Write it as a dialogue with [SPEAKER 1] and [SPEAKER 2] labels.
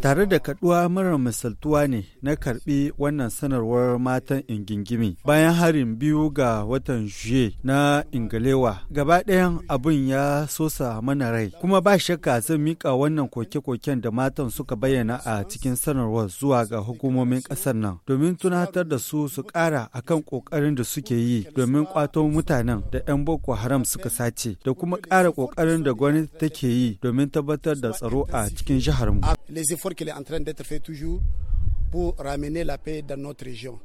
[SPEAKER 1] Tare
[SPEAKER 2] da kaduwa mara misaltuwa ne na karbi wannan sanarwar matan ingingimi bayan harin biyu ga watan juye na ingalewa. Gaba ɗayan abin ya sosa mana rai, kuma ba shakka zan mika wannan koke-koken da matan suka bayyana a cikin sanarwar zuwa ga hukumomin ƙasar nan domin tunatar da su su ƙara akan ƙoƙarin da suke yi domin ƙwato mutanen da 'yan Boko Haram suka sace da kuma ƙara ƙoƙarin da gwamnati take yi domin domin tabbatar da tsaro a cikin jihar
[SPEAKER 3] Les efforts qu'il est en train d'être toujours pour ramener la paix notre région.